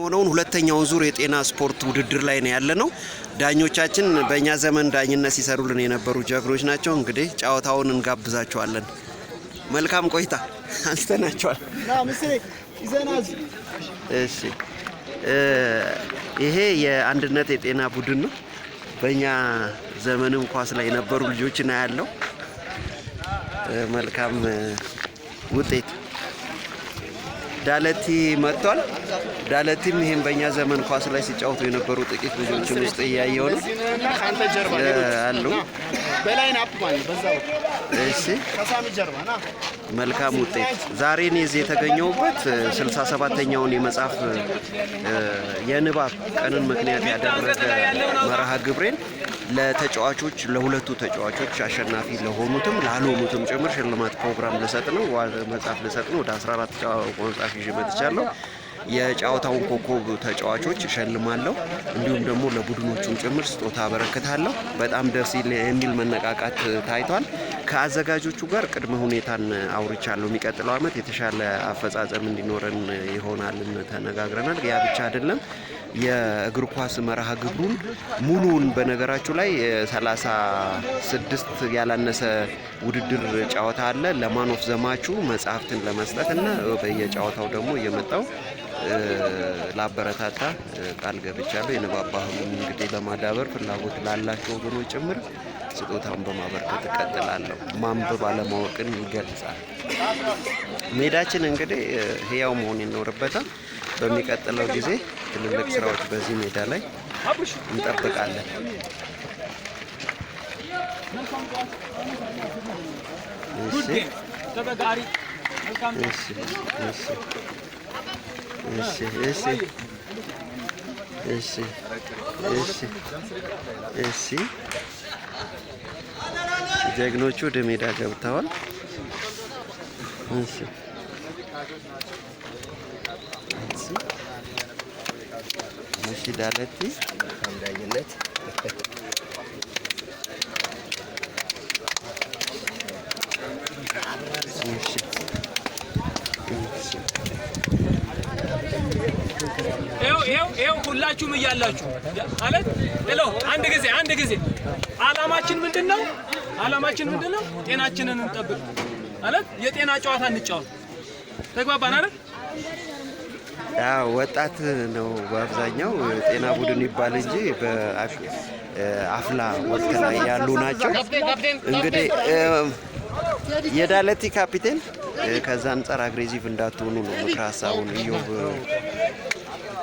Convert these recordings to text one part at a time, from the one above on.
ሆነውን ሁለተኛውን ዙር የጤና ስፖርት ውድድር ላይ ነው ያለ ነው። ዳኞቻችን በእኛ ዘመን ዳኝነት ሲሰሩልን የነበሩ ጀግኖች ናቸው። እንግዲህ ጨዋታውን እንጋብዛቸዋለን። መልካም ቆይታ። አንስተናቸዋል። እሺ፣ ይሄ የአንድነት የጤና ቡድን ነው። በእኛ ዘመንም ኳስ ላይ የነበሩ ልጆች ና ያለው መልካም ውጤት ዳለቲ መጥቷል። ዳለቲም ይህም በእኛ ዘመን ኳስ ላይ ሲጫወቱ የነበሩ ጥቂት ልጆችን ውስጥ እያየው ነው አሉ። እሺ መልካም ውጤት። ዛሬ እኔ እዚህ የተገኘሁበት ስልሳ ሰባተኛውን የመጽሐፍ የንባብ ቀንን ምክንያት ያደረገ መርሃ ግብሬን ለተጫዋቾች ለሁለቱ ተጫዋቾች አሸናፊ ለሆኑትም ላልሆኑትም ጭምር ሽልማት ፕሮግራም ልሰጥ ነው። መጽሐፍ ልሰጥ ነው። ወደ 14 መጽሐፍ ይዤ መጥቻለሁ። የጨዋታውን ኮከብ ተጫዋቾች እሸልማለሁ። እንዲሁም ደግሞ ለቡድኖቹም ጭምር ስጦታ አበረክታለሁ። በጣም ደስ የሚል መነቃቃት ታይቷል። ከአዘጋጆቹ ጋር ቅድመ ሁኔታን አውርቻለሁ። የሚቀጥለው ዓመት የተሻለ አፈጻጸም እንዲኖረን ይሆናልን ተነጋግረናል። ያ ብቻ አይደለም የእግር ኳስ መርሃ ግብሩን ሙሉውን በነገራችሁ ላይ 36 ያላነሰ ውድድር ጨዋታ አለ። ለማን ኦፍ ዘማቹ መጽሐፍትን ለመስጠት እና በየጨዋታው ደግሞ እየመጣው ላበረታታ ቃል ገብቻለሁ። የንባብ ባህሉን እንግዲህ ለማዳበር ፍላጎት ላላቸው ወገኖች ጭምር ስጦታን በማበርከት እቀጥላለሁ። ማንበብ አለማወቅን ይገልጻል። ሜዳችን እንግዲህ ህያው መሆን ይኖርበታል። በሚቀጥለው ጊዜ ትልልቅ ስራዎች በዚህ ሜዳ ላይ እንጠብቃለን። እሺ እሺ እሺ እሺ፣ እሺ፣ እሺ፣ እሺ፣ እሺ። ጀግኖቹ ወደ ሜዳ ገብተዋል። እሺ፣ እሺ። ዳለቲ አንዳኝነት ሁላችሁም እያላችሁ ማለት ሄሎ፣ አንድ ጊዜ አንድ ጊዜ አላማችን ምንድን ነው? አላማችን ምንድን ነው? ጤናችንን እንጠብቅ ማለት የጤና ጨዋታ እንጫወት። ተግባባን አይደል? ወጣት ነው በአብዛኛው ጤና ቡድን ይባል እንጂ በአፍላ ወቅት ላይ ያሉ ናቸው። እንግዲህ የዳለቲ ካፒቴን ከዛ አንጻር አግሬሲቭ እንዳትሆኑ ነው ምክር ሀሳቡን እዮብ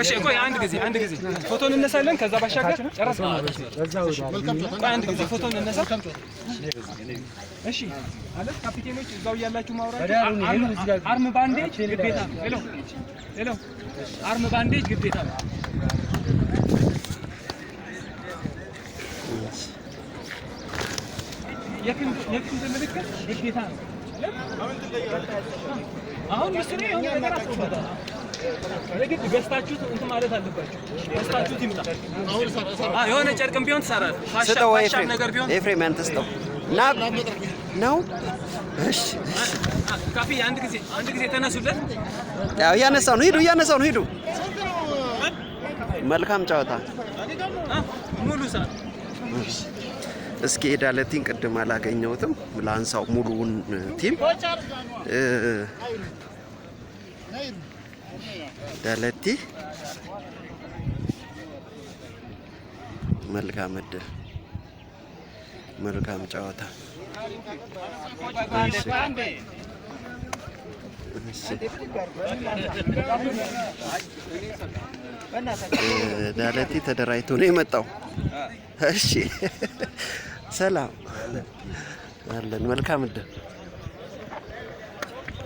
እሺ ቆይ አንድ ጊዜ አንድ ጊዜ ፎቶን እነሳለን። ከዛ ባሻገር ጨረስን። ቆይ አንድ ጊዜ ፎቶን እነሳ። እሺ ማለት ካፒቴኖች እዛው እያላችሁ ማውራት አርም ባንዴጅ ግዴታ ነው። ሄሎ ሄሎ አርም ባንዴጅ ግዴታ ነው። የክንድ ምልክት ግዴታ ነው። አሁን ምስሉ የሆነ ነገር አስቀምጣል። ለግድ ገዝታችሁት እንትን ማለት አለባችሁ። ገዝታችሁት ይምጣ። የሆነ ጨርቅም ቢሆን ትሰራለህ። ስጠው፣ ኤፍሬም ነገር ቢሆን ኤፍሬም ያንተ ስጠው እና ነው። እሺ ካፌ አንድ ጊዜ አንድ ጊዜ ተነሱለት። ያው እያነሳው ነው። ሂዱ፣ እያነሳው ነው። ሂዱ። መልካም ጨዋታ ሙሉ ሰዓት እስኪ ሄዳለቲን ቅድም አላገኘሁትም። ላንሳው ሙሉውን ቲም ዳለቲ መልካም እድል፣ መልካም ጨዋታ። ዳለቲ ተደራጅቶ ነው የመጣው። እሺ ሰላም አለን። መልካም እድል